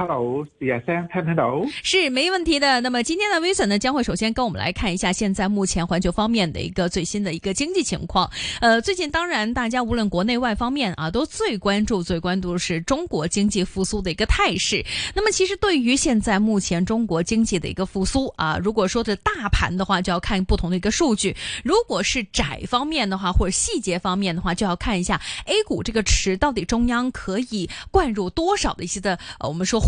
Hello，謝謝聲，聽聽到是沒問題的。那麼今天的 Vincent 呢將會首先跟我們來看一下現在目前環球方面的一個最新的一個經濟情況。呃，最近當然大家無論國內外方面啊，都最關注、最關注的是中國經濟復蘇的一個態勢。那麼其實對於現在目前中國經濟的一個復蘇啊，如果說的大盤的話，就要看不同的一個數據；如果是窄方面的話，或者細節方面的話，就要看一下 A 股這個池到底中央可以灌入多少的一些的、呃、我們說。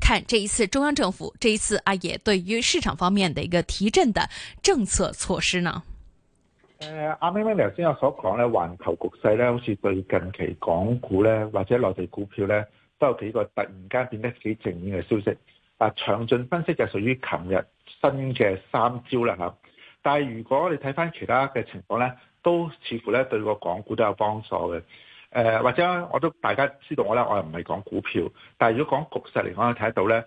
看這一次中央政府這一次阿爺對於市場方面的一個提振的政策措施呢？誒、呃，阿明明頭先我所講咧，環球局勢咧，好似對近期港股咧或者內地股票咧都有幾個突然間變得幾正面嘅消息。啊，詳盡分析就屬於琴日新嘅三招啦吓。但係如果你睇翻其他嘅情況咧，都似乎咧對個港股都有幫助嘅。誒，或者我都大家知道我呢，我又唔係講股票，但係如果講局勢嚟講，睇到咧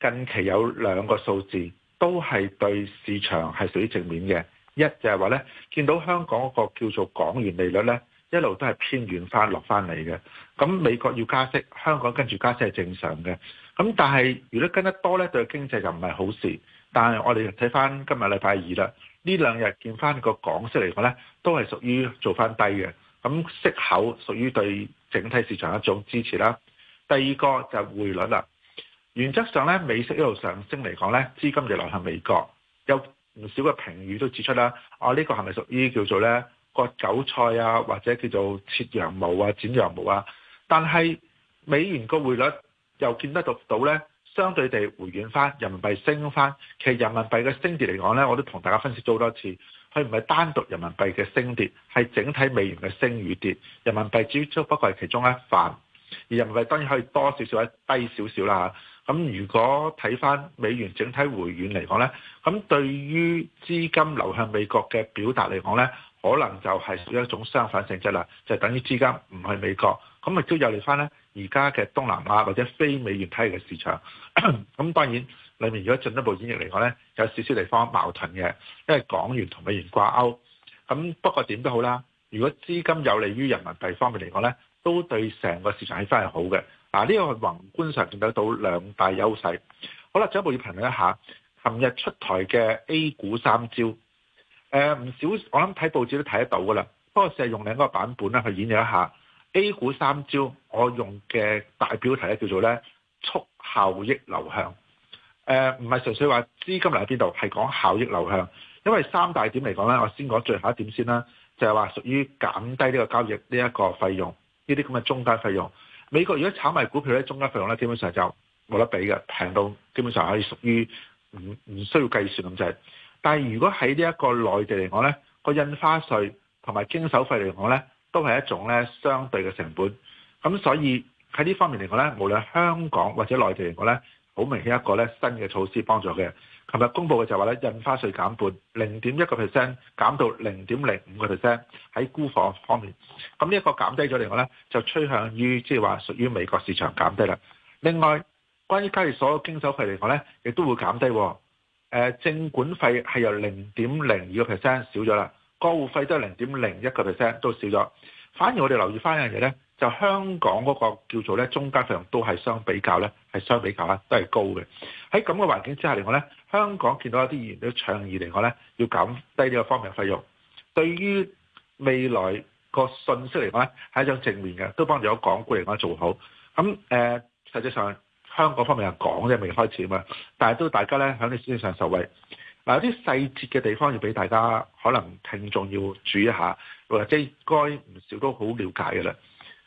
近期有兩個數字都係對市場係屬於正面嘅。一就係話咧，見到香港嗰個叫做港元利率咧，一路都係偏軟翻落翻嚟嘅。咁美國要加息，香港跟住加息係正常嘅。咁但係如果跟得多咧，對經濟就唔係好事。但係我哋睇翻今日禮拜二啦，呢兩日見翻個港息嚟講咧，都係屬於做翻低嘅。咁息口屬於對整體市場一種支持啦。第二個就匯率啦、啊。原則上咧，美息一路上升嚟講咧，資金就流向美國。有唔少嘅評語都指出啦、啊，啊呢、呢個係咪屬於叫做咧割韭菜啊，或者叫做切羊毛啊、剪羊毛啊？但係美元個匯率又見得到到咧。相對地回軟翻，人民幣升翻。其實人民幣嘅升跌嚟講咧，我都同大家分析咗好多次，佢唔係單獨人民幣嘅升跌，係整體美元嘅升與跌，人民幣只不過係其中一環。而人民幣當然可以多少少或低少少啦。咁、啊、如果睇翻美元整體回軟嚟講咧，咁對於資金流向美國嘅表達嚟講咧，可能就係一種相反性質啦，就係、是、等於資金唔去美國，咁咪都有嚟翻咧。而家嘅東南亞或者非美元體嘅市場，咁當然裡面如果進一步演繹嚟講呢，有少少地方矛盾嘅，因為港元同美元掛鈎。咁不過點都好啦，如果資金有利於人民幣方面嚟講呢，都對成個市場係真係好嘅。啊，呢個宏觀上仲見得到兩大優勢。好啦，進一步要評論一下，琴日出台嘅 A 股三招，誒、呃、唔少我諗睇報紙都睇得到噶啦，不過成日用兩個版本啦去演繹一下。A 股三招，我用嘅大標題咧叫做咧促效益流向。誒、呃，唔係純粹話資金嚟喺邊度，係講效益流向。因為三大點嚟講咧，我先講最後一點先啦，就係話屬於減低呢個交易呢一個費用，呢啲咁嘅中間費用。美國如果炒賣股票咧，中間費用咧基本上就冇得比嘅，平到基本上係屬於唔唔需要計算咁滯。但係如果喺呢一個內地嚟講咧，個印花稅同埋經手費嚟講咧。都係一種咧相對嘅成本，咁所以喺呢方面嚟講咧，無論香港或者內地嚟講咧，好明顯一個咧新嘅措施幫助嘅。琴日公布嘅就話咧，印花稅減半，零點一個 percent 減到零點零五個 percent 喺沽房方面。咁呢一個減低咗嚟講咧，就趨向於即係話屬於美國市場減低啦。另外，關於交易所經手費嚟講咧，亦都會減低。誒，證管費係由零點零二個 percent 少咗啦。過戶費都係零點零一個 percent，都少咗。反而我哋留意翻一樣嘢咧，就香港嗰個叫做咧，中間費用都係相比較咧，係相比較咧，都係高嘅。喺咁嘅環境之下嚟講咧，香港見到一啲議員都倡議嚟講咧，要減低呢個方面嘅費用。對於未來個信息嚟講咧，係一種正面嘅，都幫住咗港股嚟講做好。咁誒，實際上香港方面又講即未開始啊嘛，但係都大家咧喺呢個市場上受惠。嗱、啊，有啲細節嘅地方要俾大家，可能聽眾要注意下，或者應該唔少都好了解嘅啦。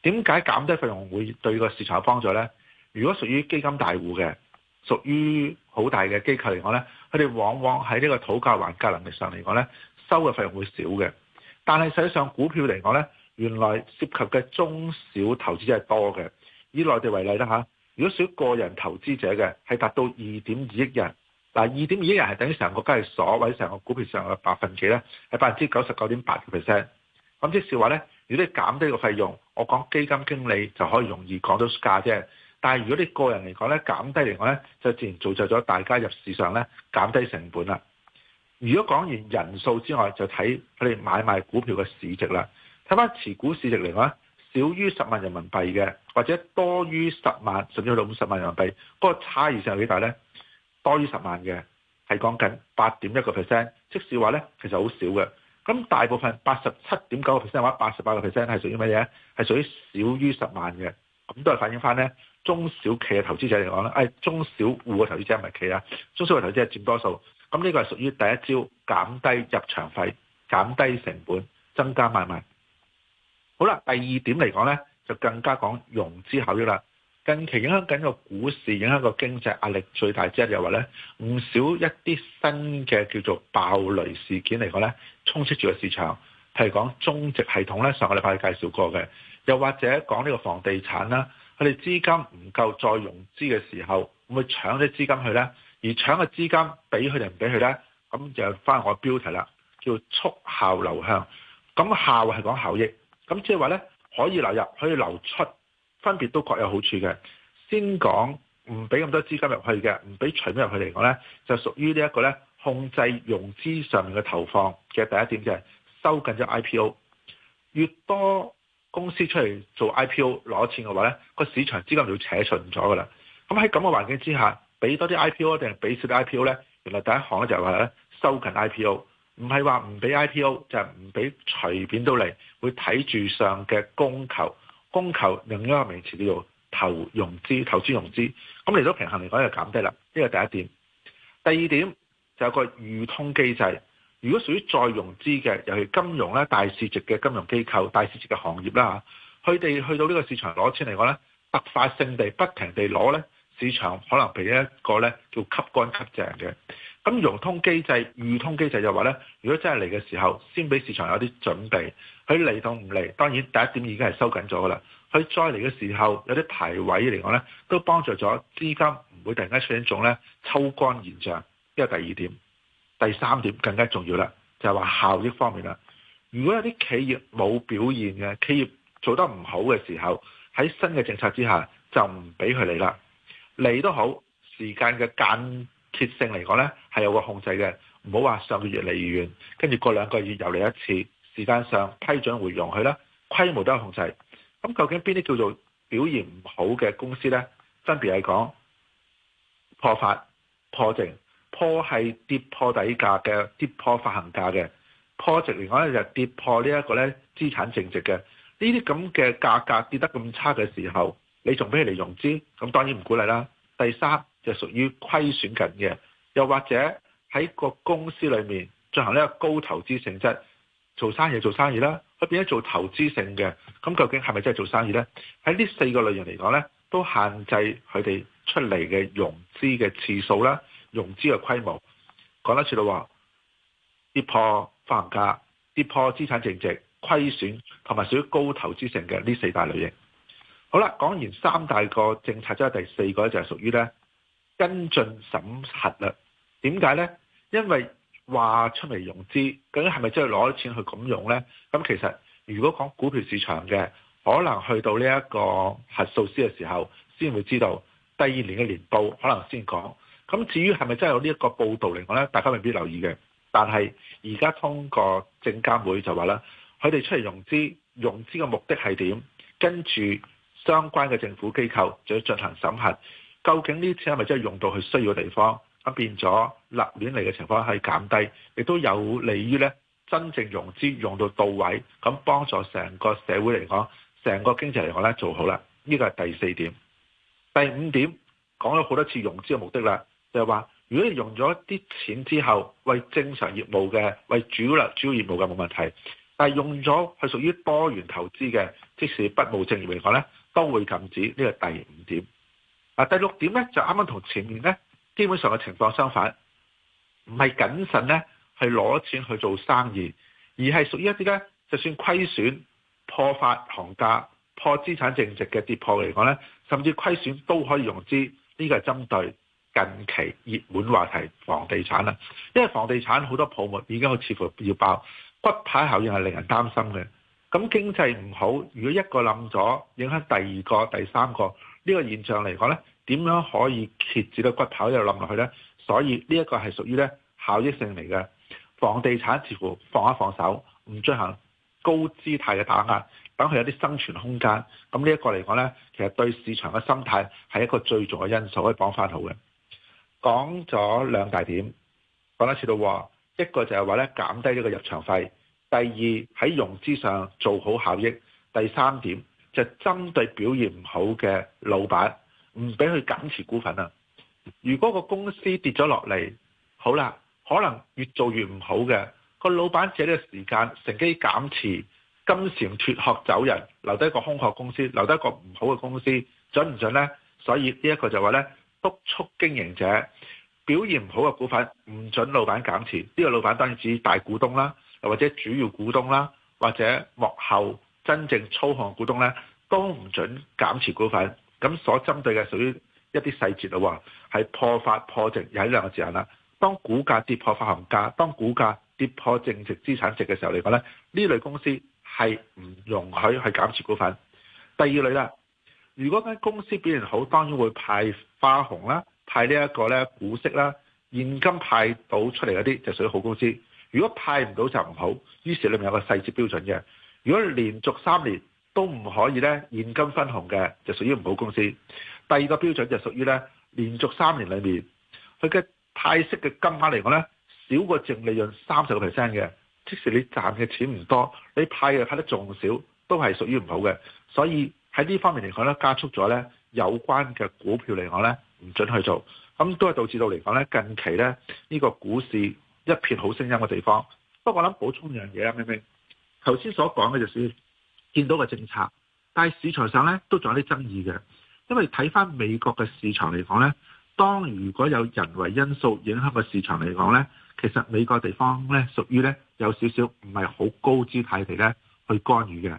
點解減低費用會對個市場有幫助呢？如果屬於基金大戶嘅，屬於好大嘅機構嚟講呢，佢哋往往喺呢個討價還價能力上嚟講呢，收嘅費用會少嘅。但係實際上股票嚟講呢，原來涉及嘅中小投資者係多嘅。以內地為例啦嚇，如果屬於個人投資者嘅係達到二點二億人。嗱，二點二億人係等於成個交易所或者成個股票上嘅百分幾咧，係百分之九十九點八嘅 percent。咁即是話咧，如果你減低個費用，我講基金經理就可以容易講到價啫。但係如果你個人嚟講咧，減低嚟講咧，就自然造就咗大家入市上咧減低成本啦。如果講完人數之外，就睇佢哋買賣股票嘅市值啦。睇翻持股市值嚟講，少於十萬人民幣嘅，或者多於十萬，甚至去到五十萬人民幣，嗰個差異性有幾大咧？多於十萬嘅係講緊八點一個 percent，即係話咧，其實好少嘅。咁大部分八十七點九個 percent 或者八十八個 percent 係屬於乜嘢？係屬於少於十萬嘅。咁都係反映翻咧中小企嘅投資者嚟講咧，誒中小戶嘅投資者唔係企啊？中小戶投資者佔多數。咁呢個係屬於第一招減低入場費、減低成本、增加買賣。好啦，第二點嚟講咧，就更加講融資效益啦。近期影響緊個股市、影響個經濟壓力最大之一，又話咧唔少一啲新嘅叫做爆雷事件嚟講咧，充斥住個市場。譬如講中植系統咧，上個禮拜介紹過嘅，又或者講呢個房地產啦，佢哋資金唔夠再融資嘅時候，會搶啲資金去咧，而搶嘅資金俾佢哋唔俾佢咧，咁就返我標題啦，叫速效流向。咁效係講效益，咁即係話咧可以流入，可以流出，分別都各有好處嘅。先講唔俾咁多資金入去嘅，唔俾隨便入去嚟講呢，就屬於呢一個呢控制融資上面嘅投放嘅第一點就係收緊咗 IPO。越多公司出嚟做 IPO 攞錢嘅話呢，個市場資金就會扯順咗噶啦。咁喺咁嘅環境之下，俾多啲 IPO 定係俾少啲 IPO 呢？原來第一行咧就係收緊 IPO，唔係話唔俾 IPO，就係唔俾隨便到嚟，會睇住上嘅供求。供求另一個名詞叫做投融資、投資融資，咁嚟到平衡嚟講就減低啦，呢個第一點。第二點就有個預通機制，如果屬於再融資嘅，尤其金融咧、大市值嘅金融機構、大市值嘅行業啦吓，佢哋去到呢個市場攞錢嚟講咧，突發性地不停地攞咧，市場可能被一個咧叫吸乾吸淨嘅。咁融通機制、預通機制就話咧，如果真係嚟嘅時候，先俾市場有啲準備。佢嚟到唔嚟，當然第一點已經係收緊咗㗎啦。佢再嚟嘅時候，有啲排位嚟講咧，都幫助咗資金唔會突然間出現一種咧抽乾現象。呢個第二點，第三點更加重要啦，就係話效益方面啦。如果有啲企業冇表現嘅企業做得唔好嘅時候，喺新嘅政策之下就唔俾佢嚟啦。嚟都好，時間嘅間。決性嚟講咧，係有個控制嘅，唔好話上個月嚟完，跟住過兩個月又嚟一次，時間上批准回融佢啦，規模都有控制。咁究竟邊啲叫做表現唔好嘅公司咧？分別係講破發、破淨、破係跌破底價嘅、跌破發行價嘅、破值嚟講咧就是、跌破呢一個咧資產淨值嘅。呢啲咁嘅價格跌得咁差嘅時候，你仲俾佢嚟融資，咁當然唔鼓勵啦。第三。就是、屬於虧損緊嘅，又或者喺個公司裏面進行呢個高投資性質做生意做生意啦，佢變咗做投資性嘅，咁究竟係咪真係做生意呢？喺呢四個類型嚟講呢，都限制佢哋出嚟嘅融資嘅次數啦、融資嘅規模。講得切啦，跌破發行價、跌破資產淨值、虧損同埋屬於高投資性嘅呢四大類型。好啦，講完三大個政策之後，第四個呢就係屬於呢。跟進審核啦，點解呢？因為話出嚟融資，究竟係咪真係攞啲錢去咁用呢？咁其實如果講股票市場嘅，可能去到呢一個核數師嘅時候，先會知道第二年嘅年報可能先講。咁至於係咪真係有呢一個報導嚟講呢？大家未必留意嘅。但係而家通過證監會就話啦，佢哋出嚟融資，融資嘅目的係點？跟住相關嘅政府機構就要進行審核。究竟呢啲錢係咪真係用到佢需要嘅地方？咁變咗立亂嚟嘅情況係減低，亦都有利於咧真正融資用到到位，咁幫助成個社會嚟講，成個經濟嚟講咧做好啦。呢個係第四點。第五點講咗好多次融資嘅目的啦，就係話如果你用咗一啲錢之後，為正常業務嘅為主要主要業務嘅冇問題。但係用咗係屬於多元投資嘅，即使不務正業嚟講咧，都會禁止。呢個第五點。第六點咧就啱啱同前面咧基本上嘅情況相反，唔係謹慎咧係攞錢去做生意，而係屬於一啲呢，就算虧損破發行價破資產淨值嘅跌破嚟講咧，甚至虧損都可以融資。呢個係針對近期熱門話題房地產啊，因為房地產好多泡沫已經好似乎要爆，骨牌效應係令人擔心嘅。咁經濟唔好，如果一個冧咗，影響第二個、第三個。呢、這個現象嚟講呢，點樣可以截止到骨頭一路冧落去呢？所以呢一個係屬於呢效益性嚟嘅，房地產似乎放一放手，唔進行高姿態嘅打壓，等佢有啲生存空間。咁呢一個嚟講呢，其實對市場嘅生態係一個最重要嘅因素，可以講翻好嘅。講咗兩大點，講多次到話，一個就係話呢減低呢個入場費。第二喺融資上做好效益。第三點，就針對表現唔好嘅老闆，唔俾佢減持股份啦，如果個公司跌咗落嚟，好啦，可能越做越唔好嘅，個老闆借呢個時間乘機減持，金蟬脫殼走人，留低一個空殼公司，留低一個唔好嘅公司，準唔準呢？所以呢一個就話呢督促經營者表現唔好嘅股份唔準老闆減持。呢個老闆當然指大股東啦，或者主要股東啦，或者幕後。真正操控股東咧，都唔準減持股份。咁所針對嘅屬於一啲細節咯，喎係破發破淨。有一兩個字眼啦。當股價跌破發行價，當股價跌破淨值資產值嘅時候嚟講咧，呢類公司係唔容許去減持股份。第二類啦，如果間公司表現好，當然會派花紅啦，派呢一個咧股息啦，現金派到出嚟嗰啲就屬於好公司。如果派唔到就唔好，於是裏面有個細節標準嘅。如果連續三年都唔可以咧現金分紅嘅，就屬於唔好公司。第二個標準就屬於咧連續三年裏面，佢嘅派息嘅金額嚟講咧少過淨利潤三十個 percent 嘅，即使你賺嘅錢唔多，你派嘅派得仲少，都係屬於唔好嘅。所以喺呢方面嚟講咧，加速咗咧有關嘅股票嚟講咧唔準去做，咁都係導致到嚟講咧近期咧呢個股市一片好聲音嘅地方。不過我諗補充樣嘢啊，明明。頭先所講嘅就係見到嘅政策，但係市場上咧都仲有啲爭議嘅，因為睇返美國嘅市場嚟講咧，當如果有人為因素影響嘅市場嚟講咧，其實美國的地方咧屬於咧有少少唔係好高的姿態地咧去干預嘅。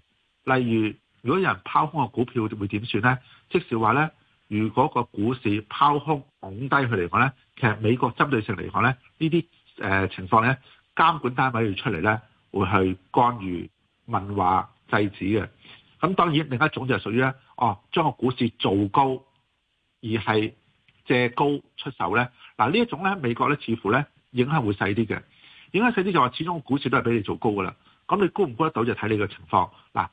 例如，如果有人拋空嘅股票會點算咧？即使話咧，如果個股市拋空拱低佢嚟講咧，其實美國針對性嚟講咧，這些呃、情況呢啲誒情況咧，監管單位要出嚟咧。會去干預問話制止嘅，咁當然另一種就係屬於咧，哦將個股市做高，而係借高出手咧，嗱呢一種咧美國咧似乎咧影響會細啲嘅，影響細啲就話始終個股市都係俾你做高噶啦，咁你估唔估得到就睇你嘅情況，嗱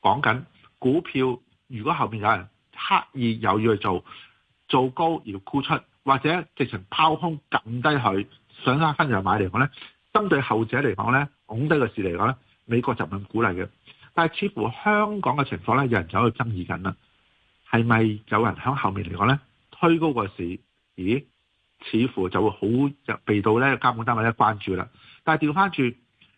講緊股票如果後邊有人刻意有意去做做高而沽出，或者直情拋空撳低佢想拉翻上去買嚟講咧。針對後者嚟講呢拱低個市嚟講呢美國就唔會鼓勵嘅。但係，似乎香港嘅情況呢，有人喺度爭議緊啦。係咪有人喺後面嚟講呢？推高個市？咦，似乎就會好就被到呢監管單位咧關注啦。但係調翻轉，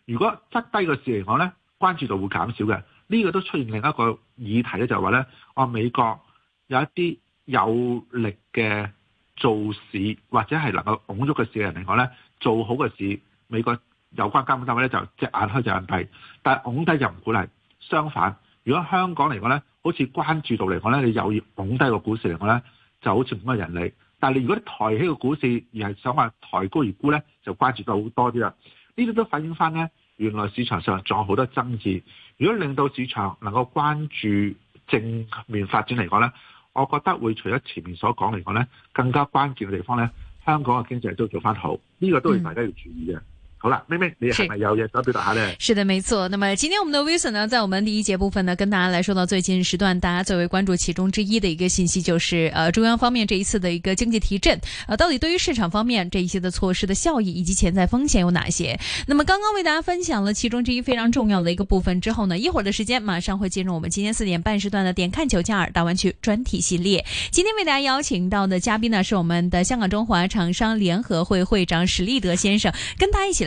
如果執低個市嚟講呢關注度會減少嘅。呢、這個都出現另一個議題咧，就係、是、話呢，我美國有一啲有力嘅做事或者係能夠拱足個市嘅人嚟講呢做好個事。美國有關監管單位咧就即係眼開就眼閉，但係拱低就唔鼓勵。相反，如果香港嚟講咧，好似關注度嚟講咧，你有意拱低個股市嚟講咧，就好似冇乜人理。但係你如果你抬起個股市，而係想話抬高而沽咧，就關注到好多啲啦。呢啲都反映翻咧，原來市場上仲有好多爭議。如果令到市場能夠關注正面發展嚟講咧，我覺得會除咗前面所講嚟講咧，更加關鍵嘅地方咧，香港嘅經濟都做翻好。呢個都係大家要注意嘅。嗯好啦，妹妹你係咪有嘢想表達下呢？是的，沒錯。那麼今天我們的 Wilson 呢，在我們第一節部分呢，跟大家來說到最近時段，大家最為關注其中之一的一個信息，就是，呃，中央方面這一次的一個經濟提振，呃，到底對於市場方面這一些的措施的效益以及潛在風險有哪些？那麼剛剛為大家分享了其中之一非常重要的一個部分之後呢，一會兒的時間，馬上會進入我們今天四點半時段的點看九加二大灣區專題系列。今天為大家邀請到的嘉賓呢，是我們的香港中華廠商聯合會會長史立德先生，跟大家一起。